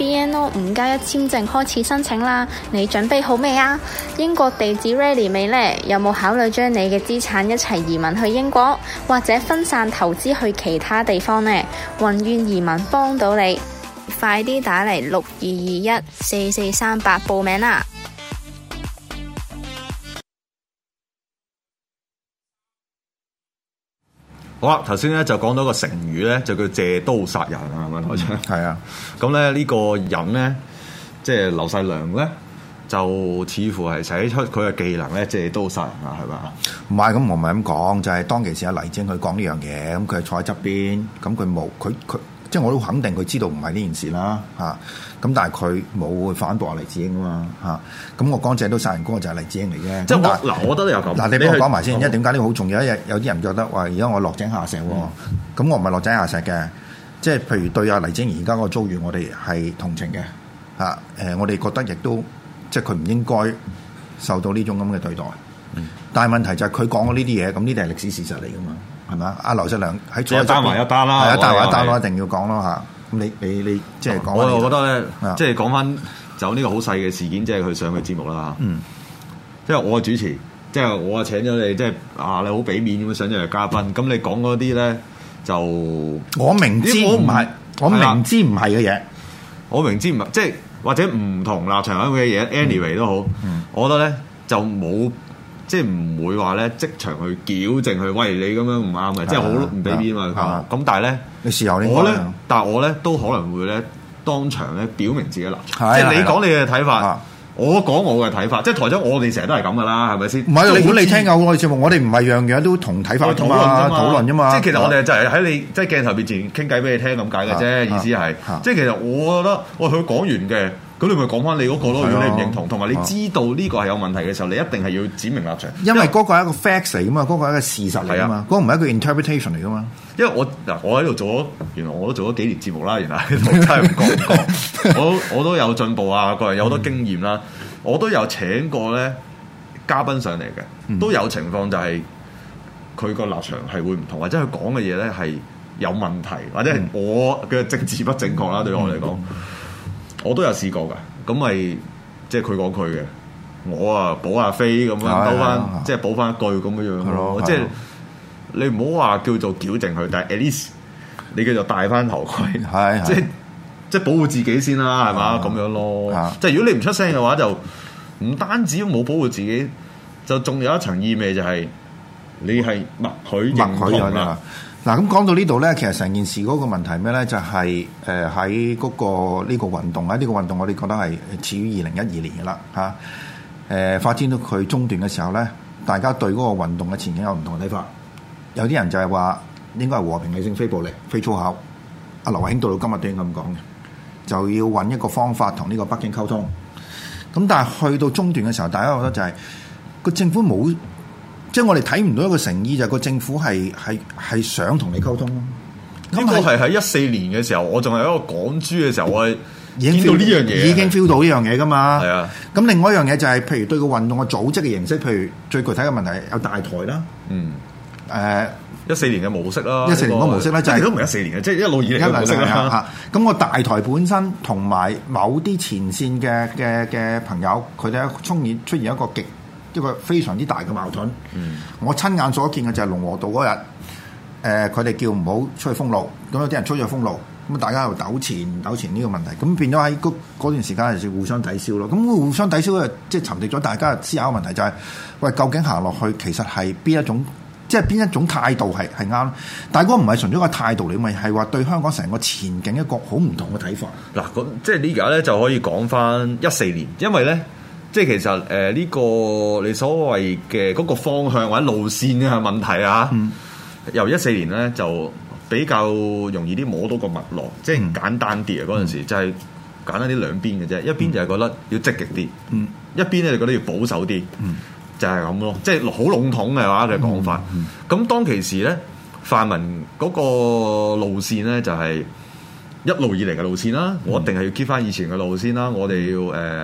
BNO 五加一簽證開始申請啦，你準備好未啊？英國地址 ready 未呢？有冇考慮將你嘅資產一齊移民去英國，或者分散投資去其他地方呢？宏遠移民幫到你，快啲打嚟，六二二一四四三八報名啦！好啦，頭先咧就講到個成語咧，就叫借刀殺人、嗯、啊，係咪台長？係啊，咁咧呢個人咧，即、就、係、是、劉細良咧，就似乎係使出佢嘅技能咧，借刀殺人啊，係嘛？唔係，咁我唔係咁講，就係、是、當其時阿黎晶佢講呢樣嘢，咁佢係坐喺側邊，咁佢冇佢佢。即係我都肯定佢知道唔係呢件事啦，嚇！咁但係佢冇反駁阿黎智英啊嘛，嚇！咁我講嘅都殺人工具就係黎智英嚟嘅。即嗱我，但我覺得有嗱，你幫我講埋去先，因、哦、為點解呢個好重要？有有啲人覺得話，而家我落井下石喎，咁、嗯、我唔係落井下石嘅。即係譬如對阿黎智英而家個遭遇我、呃，我哋係同情嘅，嚇！誒，我哋覺得亦都即係佢唔應該受到呢種咁嘅對待。嗯、但係問題就係佢講過呢啲嘢，咁呢啲係歷史事實嚟㗎嘛。係嘛？阿劉振良喺做一單還一單啦，係一單還一單，我一定要講咯，嚇。咁你你你即係講，我就覺得咧，即係講翻就呢個好細嘅事件，即係佢上嘅節目啦嚇。嗯，即係我嘅主持，即係我啊請咗你，即係啊你好俾面咁樣上咗嚟嘉賓。咁你講嗰啲咧就我明知唔係，我明知唔係嘅嘢，我明知唔係，即係或者唔同立場咁嘅嘢，anyway 都好。嗯，我覺得咧就冇。即係唔會話咧，即場去矯正，佢，喂，你咁樣唔啱呀，即係好唔俾面啊嘛。咁但係咧，我咧，但係我咧都可能會咧，當場咧表明自己立場，即係你講你嘅睇法，我講我嘅睇法，即係台長，我哋成日都係咁噶啦，係咪先？唔係，你聽下我哋節目，我哋唔係樣樣都同睇法討論啫嘛，討論啫嘛。即係其實我哋就係喺你即係鏡頭面前傾偈俾你聽咁解嘅啫，意思係。即係其實我覺得，喂，佢講完嘅。咁你咪講翻你嗰個咯，如果你唔認同，同埋你知道呢個係有問題嘅時候，你一定係要指明立場。因為嗰個係一個 fact 嚟啊嘛，嗰個係一個事實嚟啊嘛，嗰個唔係一個 interpretation 嚟噶嘛。因為我嗱，我喺度做咗，原來我都做咗幾年節目啦，原來喺度真係唔講唔講 我我都有進步啊，各人有好多經驗啦，我都有請過咧嘉賓上嚟嘅，都有情況就係佢個立場係會唔同，或者佢講嘅嘢咧係有問題，或者係我嘅政治不正確啦，對我嚟講。 我都有試過㗎，咁咪，即係佢講佢嘅，我啊補下飛咁樣，兜翻即係補翻一句咁樣樣咯。即係你唔好話叫做矯正佢，但係 at least 你叫做戴翻頭盔，即係即係保護自己先啦，係嘛咁樣咯。即係如果你唔出聲嘅話，就唔單止冇保護自己，就仲有一層意味就係你係默許認同啊。嗱咁講到呢度咧，其實成件事嗰個問題咩咧？就係誒喺嗰個呢、這個運動咧，呢個運動我哋覺得係始於二零一二年嘅啦，嚇、呃。誒發展到佢中斷嘅時候咧，大家對嗰個運動嘅前景有唔同嘅睇法。有啲人就係話應該係和平理性非暴力、非粗口。阿劉偉興到到今日都係咁講嘅，就要揾一個方法同呢個北京溝通。咁但係去到中斷嘅時候，大家覺得就係、是、個政府冇。即係我哋睇唔到一個誠意，就個、是、政府係係係想同你溝通咯。呢個係喺一四年嘅時候，我仲係一個港珠嘅時候，我係已經 feel 到呢樣嘢，已經 feel 到呢樣嘢噶嘛。係是啊。咁另外一樣嘢就係、是，譬如對個運動嘅組織嘅形式，譬如最具體嘅問題有大台啦。嗯。誒、呃，一四年嘅模式啦、啊，一、那、四、個、年嘅模式咧、就是，就都唔係一四年嘅，即係一路以嚟模式吓來、啊，咁 個、嗯、大台本身同埋某啲前線嘅嘅嘅朋友，佢哋一出現出現一個極。一個非常之大嘅矛盾，嗯，我親眼所見嘅就係龍和道嗰日，誒佢哋叫唔好出去封路，咁有啲人出咗封路，咁大家又糾纏糾纏呢個問題，咁變咗喺嗰嗰段時間係互相抵消咯，咁互相抵消嘅即係沉澱咗，大家思考嘅問題就係、係、喂究竟行落去其實係邊一種，即係邊一種態度係係啱？但係嗰個唔係純粹一個態度嚟，咪係話對香港成個前景一個好唔同嘅睇法。嗱，咁即係你而家咧就可以講翻一四年，因為咧。即係其實誒呢、呃呢個你所謂嘅嗰個方向或者路線呢個問題啊，嗯、由一四年咧就比較容易啲摸到個脈絡，即係、嗯、簡單啲啊嗰陣時就係、是、簡單啲兩邊嘅啫，一邊就係覺得要積極啲，嗯、一邊咧就覺得要保守啲、嗯，就係咁咯，即係好籠統嘅話嘅講法。咁、嗯嗯嗯、當其時咧，泛民嗰個路線咧就係、是。一路以嚟嘅路線啦，我一定係要 keep 翻以前嘅路線啦。我哋要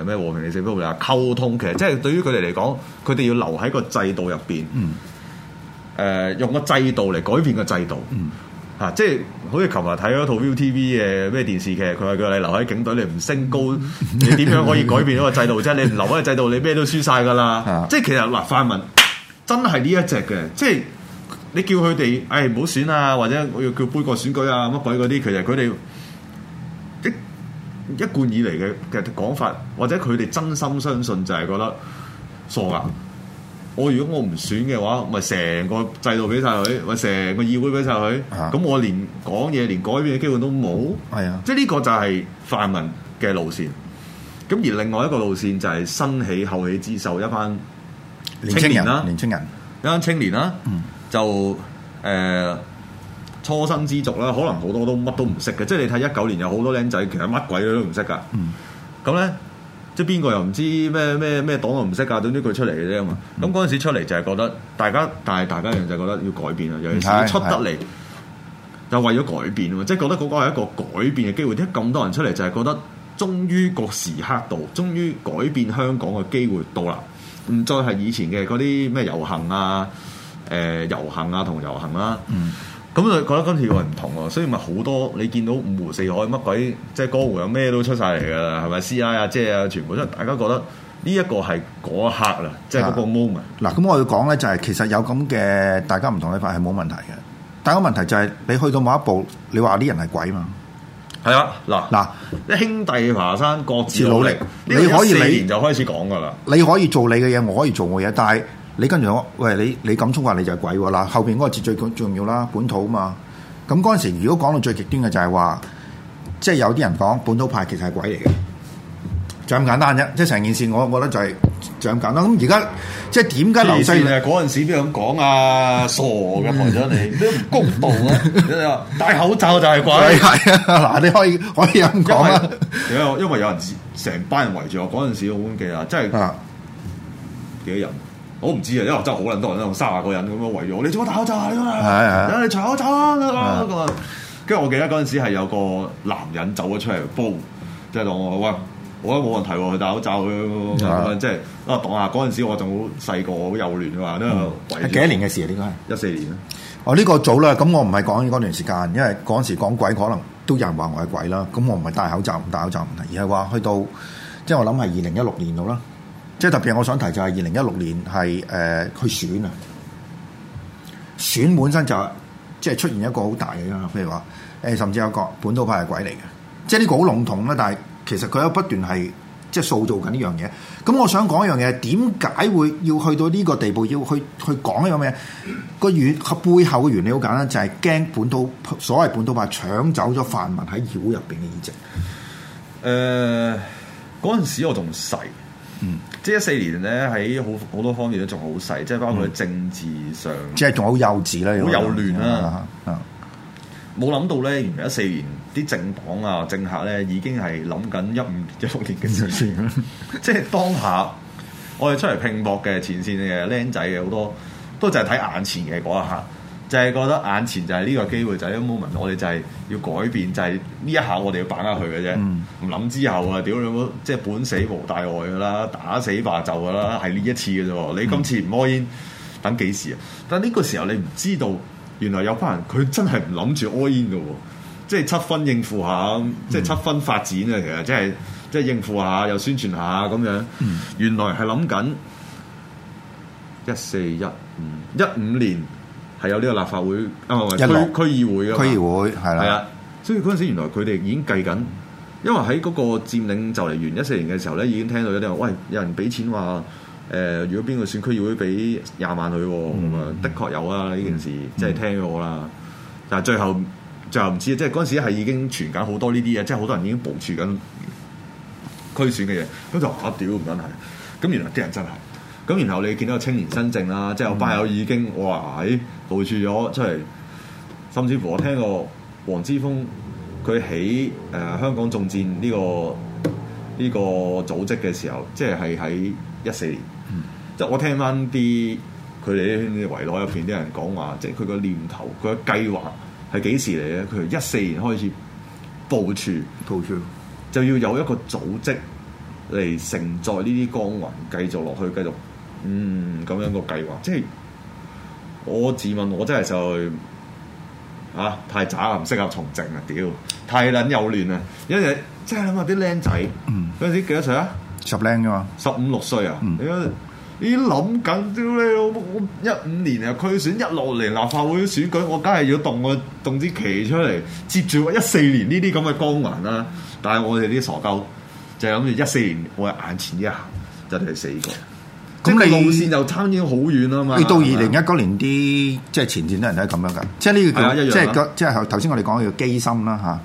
誒咩和平理性咁樣嚟啊溝通，其實即係對於佢哋嚟講，佢哋要留喺個制度入邊。嗯。誒、呃，用個制度嚟改變個制度。嗯。嚇、啊，即係好似琴日睇嗰套 Viu TV 嘅咩電視劇，佢話叫你留喺警隊，你唔升高，你點樣可以改變嗰個制度？即係你唔留喺個制度，你咩都輸晒噶啦。啊、即係其實嗱、啊，泛民真係呢一隻嘅，即係你叫佢哋誒唔好選啊，或者我要叫杯葛選舉啊，乜鬼嗰啲，其實佢哋。一貫以嚟嘅嘅講法，或者佢哋真心相信就係覺得傻噶。我、嗯、如果我唔選嘅話，咪成個制度俾晒佢，咪成個議會俾晒佢。咁、啊、我連講嘢、連改變嘅機會都冇。係、嗯、啊，即係呢個就係泛民嘅路線。咁而另外一個路線就係新起後起之秀一班年輕人啦，年輕人一班青年啦。就誒。呃嗯初生之族啦，可能好多都乜都唔識嘅，即係你睇一九年有好多僆仔其實乜鬼嘢都唔識噶。咁、嗯、呢，即係邊個又唔知咩咩咩黨我唔識㗎，唞呢句出嚟嘅啫嘛。咁嗰陣時出嚟就係覺得大家，但係大家人就係覺得要改變啊，尤其是出得嚟、嗯、就為咗改變即係覺得嗰個係一個改變嘅機會。點解咁多人出嚟就係覺得終於個時刻到，終於改變香港嘅機會到啦，唔再係以前嘅嗰啲咩遊行啊、誒、呃、遊行啊同遊行啦、啊。嗯咁就覺得今次又係唔同喎，所以咪好多你見到五湖四海乜鬼，即係江湖有咩都出曬嚟噶啦，係咪？C I 啊，即係啊，全部都大家覺得呢一個係嗰一刻啦，即係嗰個 moment。嗱，咁我要講咧就係其實有咁嘅大家唔同睇法係冇問題嘅，但個問題就係你去到某一步，你話啲人係鬼嘛？係啊，嗱嗱，一兄弟爬山各自努力，你可以你就開始講噶啦，你可以做你嘅嘢，我可以做我嘢，但係。你跟住我，喂！你你咁衝話你就係鬼喎，嗱，後邊嗰個字最重要啦，本土啊嘛。咁嗰陣時，如果講到最極端嘅就係話，即係有啲人講本土派其實係鬼嚟嘅，就咁簡單啫。即係成件事，我覺得就係就咁簡單。咁而家即係點解？以前係嗰陣時咁樣講啊，傻嘅為咗你你都唔公道啊。 戴口罩就係鬼，係啊！嗱，你可以可以咁講啊。因為因為有人成班人圍住我嗰陣時，好記得啊，即係幾多人？我唔知啊，因為真係好撚多人，都三廿個人咁樣圍住我，你做乜戴口罩啊？的你你除口罩啦！咁啊，跟住我記得嗰陣時係有個男人走咗出嚟煲，即係同我話：我覺得冇問題喎、啊，佢戴口罩，即係啊，的就是、當下嗰陣時我仲好細個，好幼嫩啊，因為鬼幾多年嘅事啊？應該一四年啊？哦，呢、這個早啦，咁我唔係講嗰段時間，因為嗰陣時講鬼可能都有人話我係鬼啦，咁我唔係戴口罩唔戴口罩問題，而係話去到即係我諗係二零一六年度啦。即係特別，我想提就係二零一六年係誒、呃、去選啊，選本身就係、是、即係出現一個好大嘅，因為譬如話誒，甚至有個本土派係鬼嚟嘅，即係呢個好籠統啦。但係其實佢有不斷係即係塑造緊呢樣嘢。咁我想講一樣嘢，點解會要去到呢個地步，要去去講一個咩，個原背後嘅原理好簡單，就係、是、驚本土所謂本土派搶走咗泛民喺議會入邊嘅議席。誒、呃，嗰陣時我仲細。嗯，即係一四年咧，喺好好多方面都仲好細，即係包括政治上，嗯、即係仲好幼稚啦、啊，好幼嫩啦，啊！冇諗、嗯嗯嗯、到咧，原來一四年啲政黨啊、政客咧，已經係諗緊一五、年、一六年嘅事情啦。 即係當下，我哋出嚟拼搏嘅前線嘅僆仔嘅好多，都淨係睇眼前嘅嗰一刻。就係覺得眼前就係呢個機會，就係呢個 moment，我哋就係要改變，就係呢一下我哋要把握佢嘅啫。唔諗、嗯、之後啊，屌你老母，即係本死無大礙㗎喇，打死罷就㗎喇，係呢一次嘅啫。你今次唔屙煙，等幾時啊？但係呢個時候你唔知道，原來有班人佢真係唔諗住屙煙嘅喎，即係七分應付下，即係七分發展啊。其實、嗯、即係即係應付下，又宣傳下咁樣。嗯、原來係諗緊一四一五一五年。係有呢個立法會啊，唔係區區議會嘅區議會係啦，係啊，所以嗰陣時原來佢哋已經計緊，因為喺嗰個佔領就嚟完一四年嘅時候咧，已經聽到有啲人喂有人俾錢話，誒、呃、如果邊個選區議會俾廿萬佢，咁啊、嗯，的確有啊呢、嗯、件事，即係、嗯、聽咗我啦，但係最後，最後就唔知，即係嗰陣時係已經傳緊好多呢啲嘢，即係好多人已經部署緊區選嘅嘢，咁就嚇屌唔敢係，咁原來啲人真係。咁然後你見到青年新政啦，即係有班友已經哇喺、哎、部署咗出嚟，甚至乎我聽過黃之鋒佢喺誒香港重戰呢、呢個呢、呢個組織嘅時候，即係係喺一四年。嗯、即我聽翻啲佢哋圍內入邊啲人講話，即佢個念頭、佢嘅計劃係幾時嚟咧？佢一四年開始部署，部署就要有一個組織嚟承載呢啲光環，繼續落去，繼續。嗯，咁樣個計劃，即係我自問，我真係就啊太渣啦，唔適合從政啊，屌太捻幼嫩啦！有日真係諗下啲靚仔，嗰陣時幾多歲啊？十靚啫嘛，十五六歲啊！你諗緊屌你，我一五年啊區選，一六年立法會選舉，我梗係要動個動支旗出嚟，接住我一四年呢啲咁嘅光環啦、啊。但係我哋啲傻鳩就諗住一四年我係眼前一黑，就嚟死嘅。咁你路線就參差好遠啊嘛、啊！你到二零一九年啲即係前線啲人都係咁樣噶，即係呢個，即係即係頭先我哋講嘅叫機心啦吓，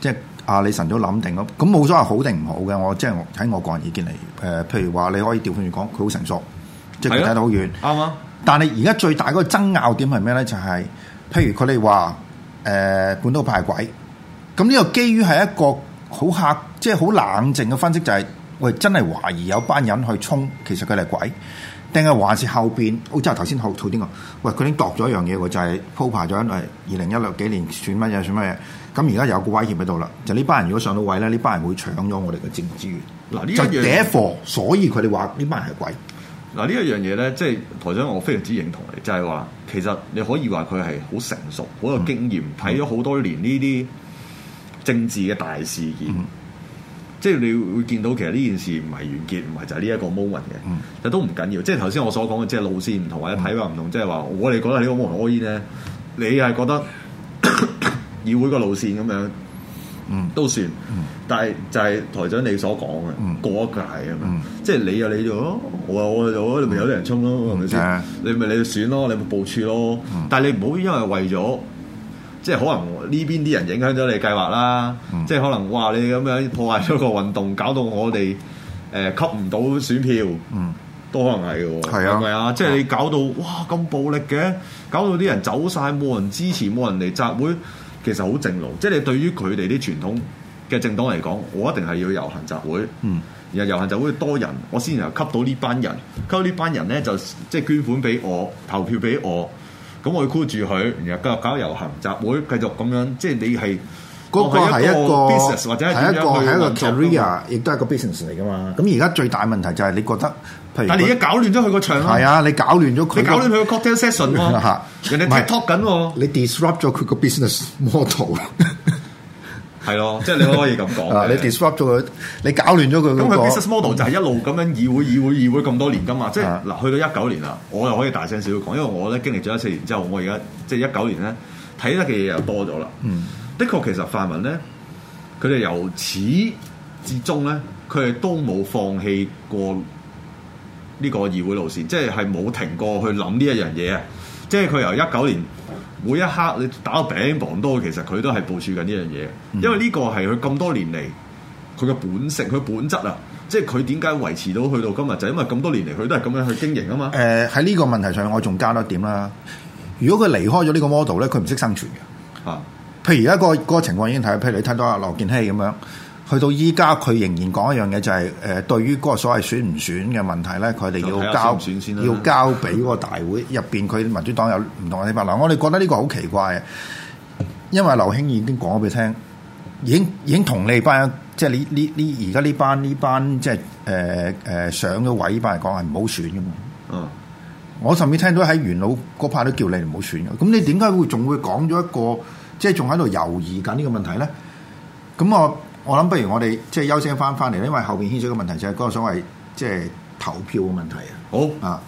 即係阿李晨都諗定咁，咁冇所謂好定唔好嘅。我即係喺我個人意見嚟誒、呃，譬如話你可以調換住講，佢好成熟，即係佢睇得好遠，啱啊的！但係而家最大嗰個爭拗點係咩咧？就係、是、譬如佢哋話誒本土派鬼，咁、呃、呢個基於係一個好客，即係好冷靜嘅分析就係、是。我真係懷疑有班人去衝，其實佢哋係鬼，定係還是，是後邊、哦？即係頭先好做啲個，喂佢已經度咗一樣嘢喎，就係、是、鋪排咗因為二零一六幾年算乜嘢算乜嘢，咁而家有個威脅喺度啦。就呢班人如果上到位咧，呢班人會搶咗我哋嘅政治資源。嗱呢、啊、一就第一貨，所以佢哋話呢班人係鬼。嗱呢、啊、一樣嘢咧，即係台長，我非常之認同你，就係、是、話其實你可以話佢係好成熟，好有經驗，睇咗好多年呢啲、嗯、政治嘅大事件。嗯即係你會見到其實呢件事唔係完結，唔係就係呢一個 moment 嘅，嗯、但都唔緊要，要。即係頭先我所講嘅，即係路線唔同、嗯、或者睇法唔同，即係話我哋覺得個呢個 moment 可以咧，你係覺得 議會個路線咁樣，嗯，都算。嗯、但係就係台長你所講嘅、嗯、過一界啊嘛，嗯、即係你又你做咯，我話我做咯你咪有啲人衝咯，係咪先？你咪你去選咯，你咪部署咯，但係你唔好因，因為為咗。即係可能呢邊啲人影響咗你計劃啦，嗯、即係可能哇你咁樣破壞咗個運動，搞到我哋誒、呃、吸唔到選票，嗯，都可能係喎，係是啊，係咪啊？即係你搞到哇咁暴力嘅，搞到啲人走晒，冇人支持，冇人嚟集會，其實好正路。即係你對於佢哋啲傳統嘅政黨嚟講，我一定係要遊行集會，嗯，然後遊行集會多人，我先能夠吸到呢班人，吸到呢班人咧就即係捐款俾我，投票俾我。咁我要箍住佢，然後繼續搞遊行集會，繼續咁樣，即係你係嗰個係一個 business，或者係一個係一個 career，亦都係一個 business 嚟㗎嘛。咁而家最大問題就係你覺得，譬如但你而家搞亂咗佢個場咯，係啊，你搞亂咗佢，你搞亂佢個 cocktail session 咯，人哋 talk 緊喎，你 disrupt 咗佢個 business model。 係咯， 即係你可以咁講。 你 disrupt 咗佢，你搞亂咗佢、那個。咁佢 business model 就係一路咁樣議會、議會、議會咁多年噶嘛。即係嗱，啊、去到一九年啦，我又可以大聲少少講，因為我咧經歷咗一四年之後，我而家即係一九年咧睇得嘅嘢又多咗啦。嗯，的確其實泛民咧，佢哋由始至終咧，佢哋都冇放棄過呢個議會路線，即係係冇停過去諗呢一樣嘢。即係佢由一九年。每一刻你打個餅磅多，其實佢都係部署緊呢樣嘢，因為呢個係佢咁多年嚟佢嘅本性、佢本質啊，即係佢點解維持到去到今日，就因為咁多年嚟佢都係咁樣去經營啊嘛。誒、呃，喺呢個問題上，我仲加多一點啦。如果佢離開咗呢個 model 咧，佢唔識生存嘅啊。譬如而家、嗰個、嗰個情況已經睇，譬如你睇到阿、啊、羅健熙咁樣。去到依家，佢仍然講一樣嘢，就係、是、誒對於嗰個所謂選唔選嘅問題咧，佢哋要交看看要交俾個大會入邊，佢 民主黨有唔同嘅睇法。嗱，我哋覺得呢個好奇怪嘅，因為劉興已經講咗俾你聽，已經已經同呢班，班即係呢呢呢而家呢班呢班即係誒誒上咗位呢班人講係唔好選嘅嘛。嗯，我甚至聽到喺元老嗰派都叫你唔好選。咁你點解會仲會講咗一個即係仲喺度猶豫緊呢個問題咧？咁我。我諗不如我哋即係休息翻翻嚟，因為後邊牽涉嘅問題就係嗰個所謂即係投票嘅問題好啊。好啊。